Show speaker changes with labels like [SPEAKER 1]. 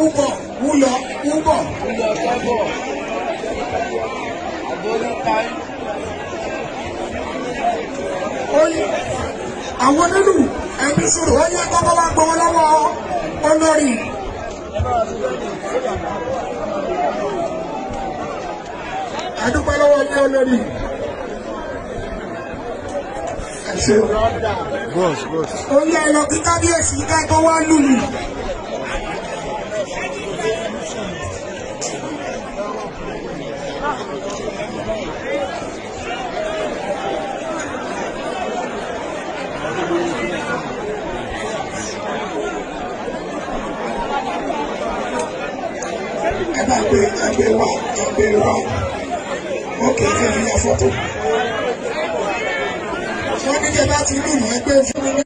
[SPEAKER 1] wúbọ̀ wúlọ wúbọ̀. wúlọ tọ́bọ̀
[SPEAKER 2] àbọ̀lọ́ parí.
[SPEAKER 3] oye àwọn nínú ẹni sọ̀rọ̀ wọ́n yẹ kọ́kọ́ wá gbọ́ lọ́wọ́
[SPEAKER 1] ọlọ́rin. àdúpẹ́ lọ́wọ́ ilé olórí.
[SPEAKER 4] Bọ́ọ̀sì bọ́ọ̀sì.
[SPEAKER 1] Oyè ẹ̀rọ kí kábíyèsí ká tó wá lùlù. ẹgbẹ́
[SPEAKER 5] ẹgbẹ́ wa ẹgbẹ́ wa
[SPEAKER 6] ókè ẹ̀yìn ẹ̀fọ́tò. wọ́n ní kí ẹ bá ti rí ìmọ̀ ẹgbẹ́ fún mi.